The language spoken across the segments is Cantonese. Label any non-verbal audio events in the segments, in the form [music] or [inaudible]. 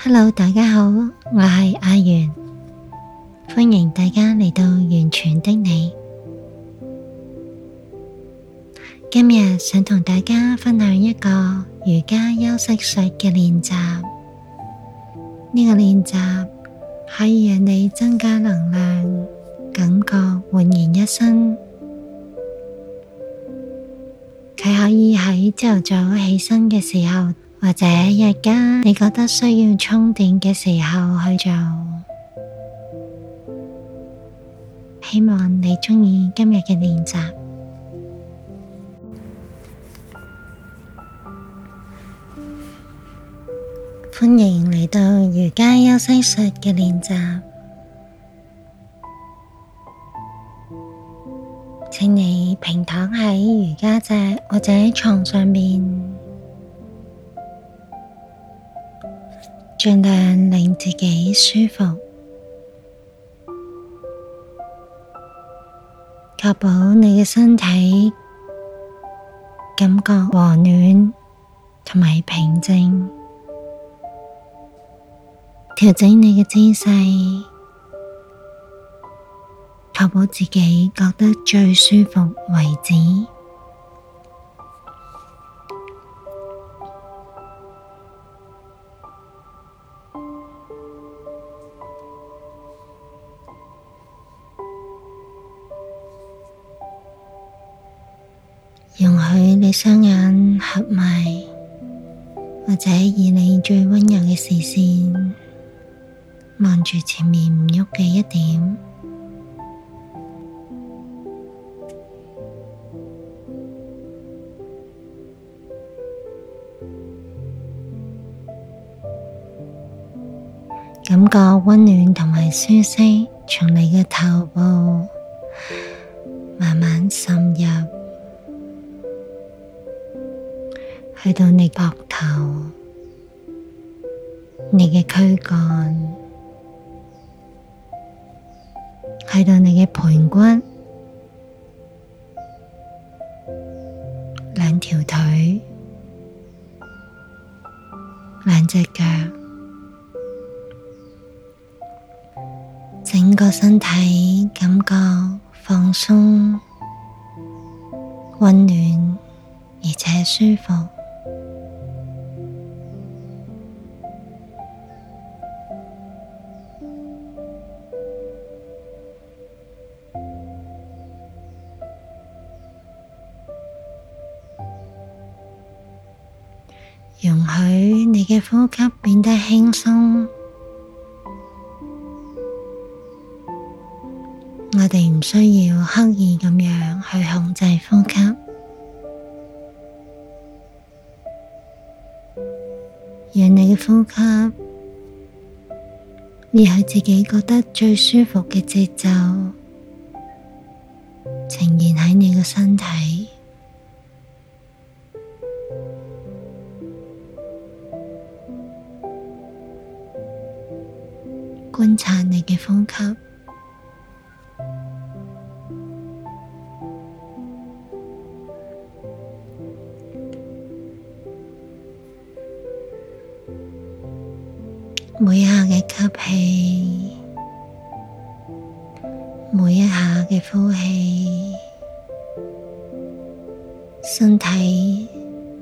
Hello，大家好，我係阿元，歡迎大家嚟到完全的你。今日想同大家分享一個瑜伽休息術嘅練習，呢、這個練習可以讓你增加能量，感覺煥然一新。佢可以喺朝頭早起身嘅時候，或者日間你覺得需要充電嘅時候去做，希望你鍾意今日嘅練習。歡迎嚟到瑜伽休息術嘅練習，請你平躺喺瑜伽墊或者床上面。盡量令自己舒服，確保你嘅身體感覺和暖同埋平靜，調整你嘅姿勢，確保自己覺得最舒服為止。容許你雙眼合埋，或者以你最溫柔嘅視線望住前面唔喐嘅一點，感覺溫暖同埋舒適，從你嘅頭部慢慢滲入。去到你肩膀，你嘅軀幹，去到你嘅盆骨，兩條腿，兩隻腳，整個身體感覺放鬆、溫暖而且舒服。呼吸變得輕鬆，我哋唔需要刻意咁樣去控制呼吸，讓你嘅呼吸，以佢自己覺得最舒服嘅節奏呈現喺你嘅身體。觀察你嘅呼吸，每一下嘅吸氣，每一下嘅呼氣，身體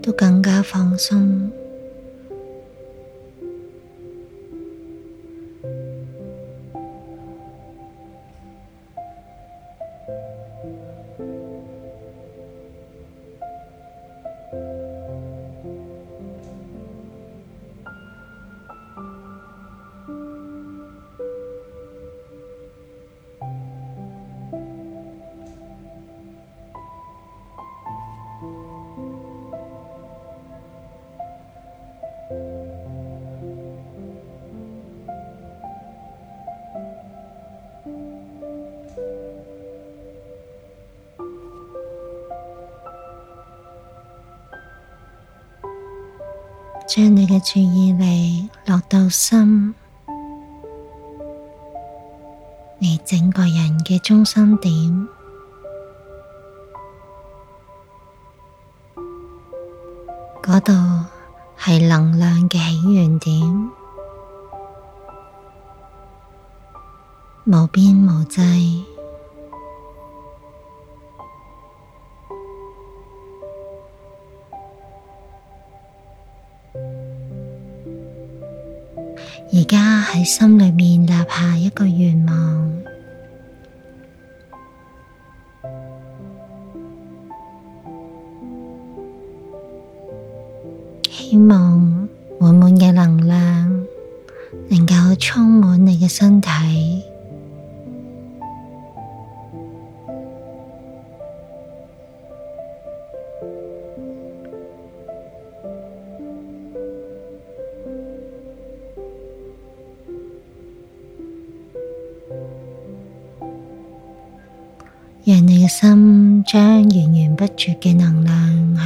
都更加放鬆。將你嘅注意力落到心，你整個人嘅中心點，嗰度係能量嘅起源點，無邊無際。心裏面立下一個願望，希望滿滿嘅能量能夠充滿你嘅身體。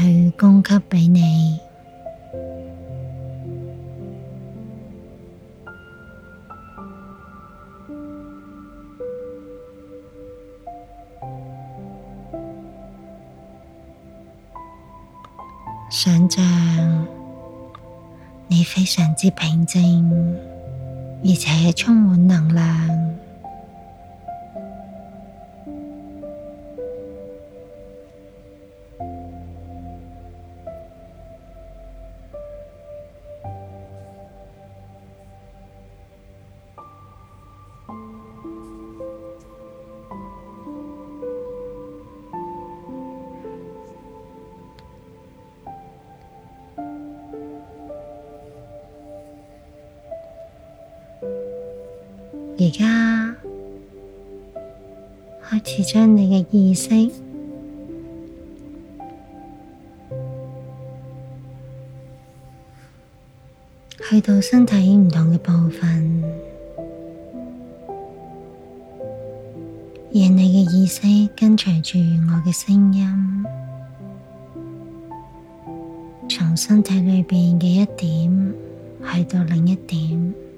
去供給俾你，想象你非常之平靜，而且充滿能量。而家開始將你嘅意識去到身體唔同嘅部分，讓你嘅意識跟隨住我嘅聲音，從身體裏邊嘅一點去到另一點。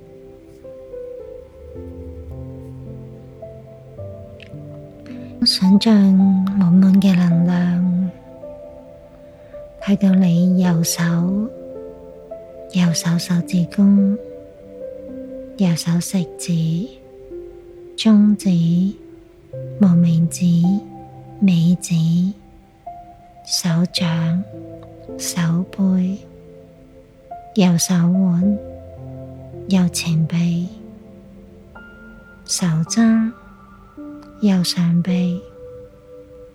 想象滿滿嘅能量，睇到你右手，右手手指公，右手食指、中指、無名指、尾指、手掌、手背、右手腕、右前臂、手肘、右上臂。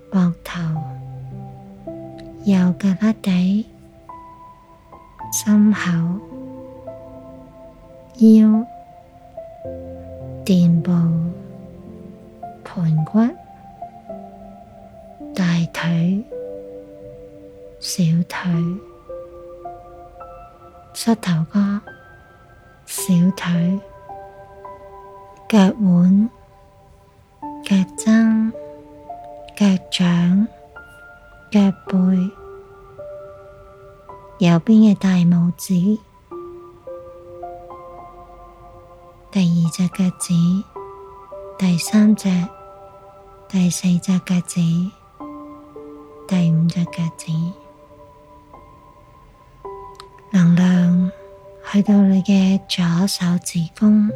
膊頭、右胳肋底、心口、腰、臀部、盤骨、大腿、小腿、膝頭哥、小腿、腳腕、腳踭。腳掌、腳背、右邊嘅大拇指、第二隻腳趾、第三隻、第四隻腳趾、第五隻腳趾，能量去到你嘅左手指公、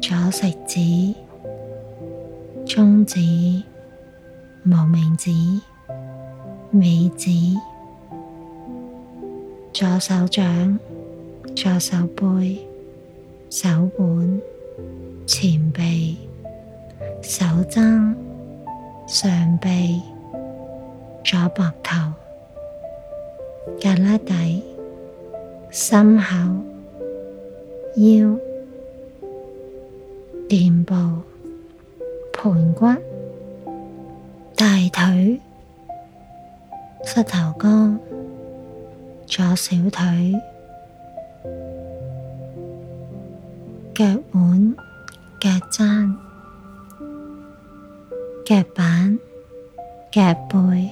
左食指。中指、無名指、尾指、左手掌、左手背、手腕、前臂、手踭、上臂、左膊頭、胳肋底、心口、腰、臀部。盆骨、大腿、膝頭哥、左小腿、腳腕、腳踭、腳板、腳背、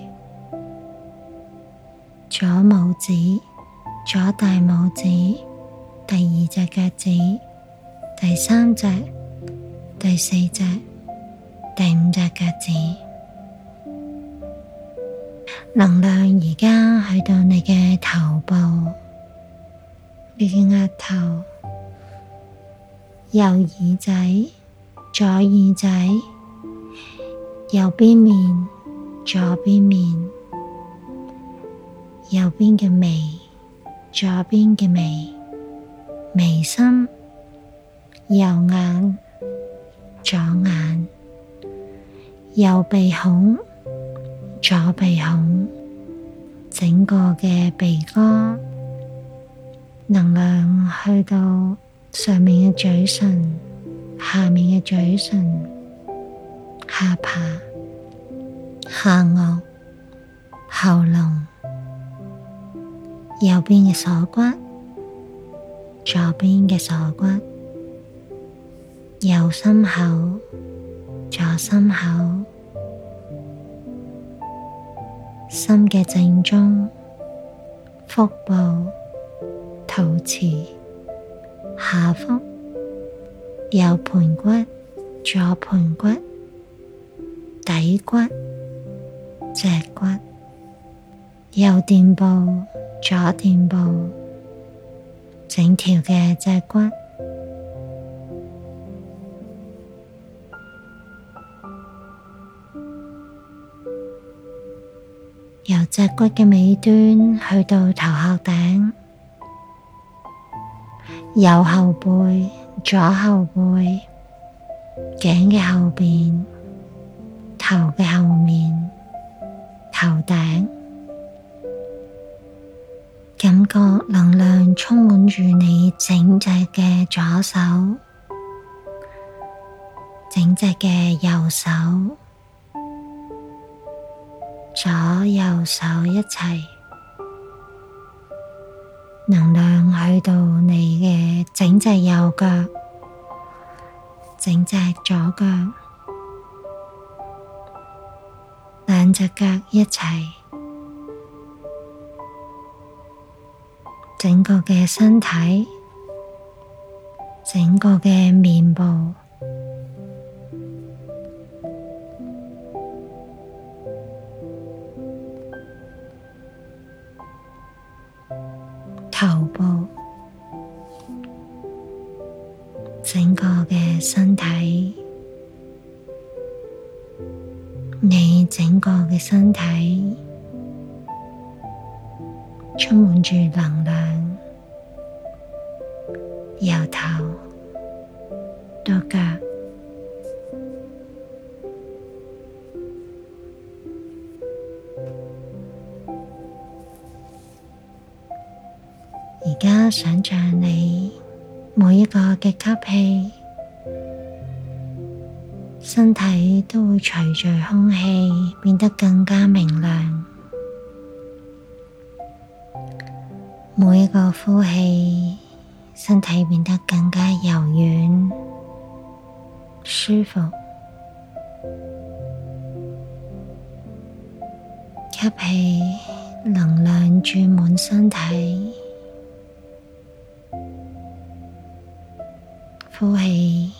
左拇指、左大拇指、第二隻腳趾、第三隻、第四隻。第五隻腳趾，能量而家去到你嘅頭部，你嘅額頭、右耳仔、左耳仔、右邊面、左邊面、右邊嘅眉、左邊嘅眉、眉心、右眼、左眼。右鼻孔、左鼻孔，整個嘅鼻腔能量去到上面嘅嘴唇、下面嘅嘴唇、下巴、下顎、喉嚨、右邊嘅鎖骨、左邊嘅鎖骨、右心口。左心口、心嘅正中、腹部、肚臍、下腹、右盆骨、左盆骨、底骨、脊骨、右臀部、左臀部、整條嘅脊骨。由脊骨嘅尾端去到頭殼頂，右後背、左後背、頸嘅後邊、頭嘅後面、頭頂，感覺能量充滿住你整隻嘅左手、整隻嘅右手。左右手一齊，能量去到你嘅整隻右腳，整隻左腳，兩隻腳一齊，整個嘅身體，整個嘅面部。整個嘅身體，你整個嘅身體充滿住能量。身體都會隨著空氣變得更加明亮，每一個呼氣，身體變得更加柔軟舒服，吸氣，能量注滿身體，呼氣。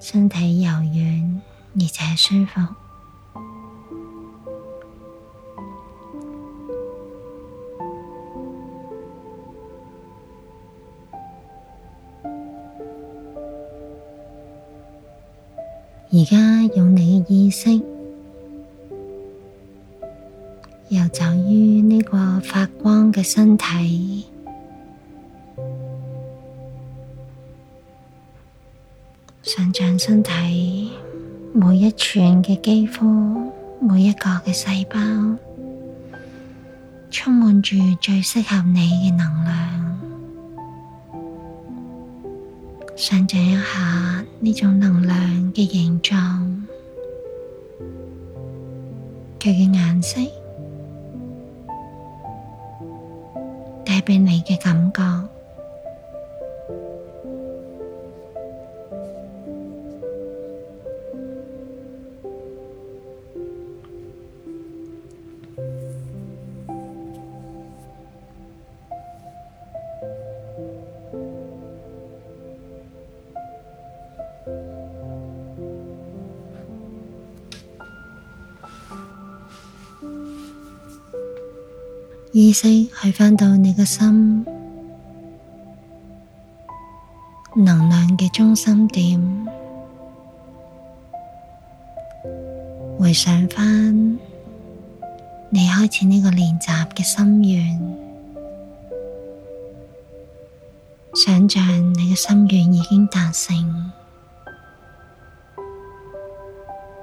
身體柔軟而且舒服。而家用你嘅意識，游走於呢個發光嘅身體。想像身體，每一寸嘅肌膚，每一個嘅細胞，充滿住最適合你嘅能量。想象一下呢種能量嘅形狀，佢嘅顏色，帶俾你嘅感覺。意識去返到你個心能量嘅中心點，回想返你開始呢個練習嘅心願，想象你嘅心願已經達成，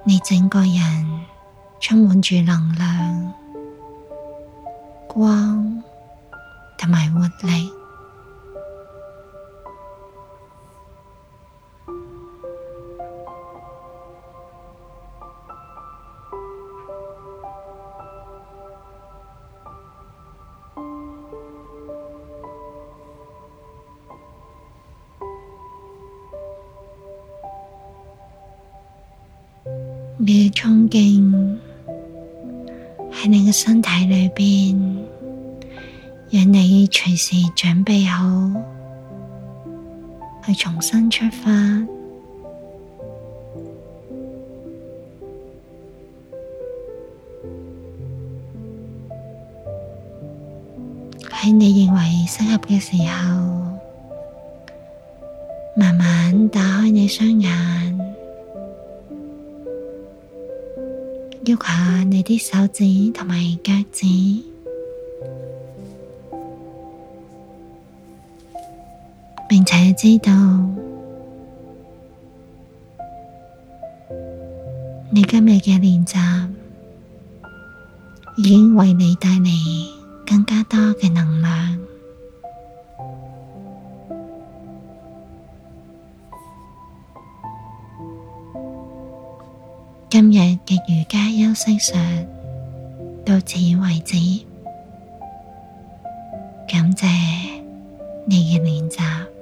你整個人充滿住能量。光同埋活力，你嘅憧憬喺你嘅身體裏邊。讓你隨時準備好去重新出發，喺 [noise] 你認為適合嘅時候，慢慢打開你雙眼，喐下你啲手指同埋腳趾。並且知道你今日嘅練習已經為你帶嚟更加多嘅能量。今日嘅瑜伽休息術到此為止，感謝你嘅練習。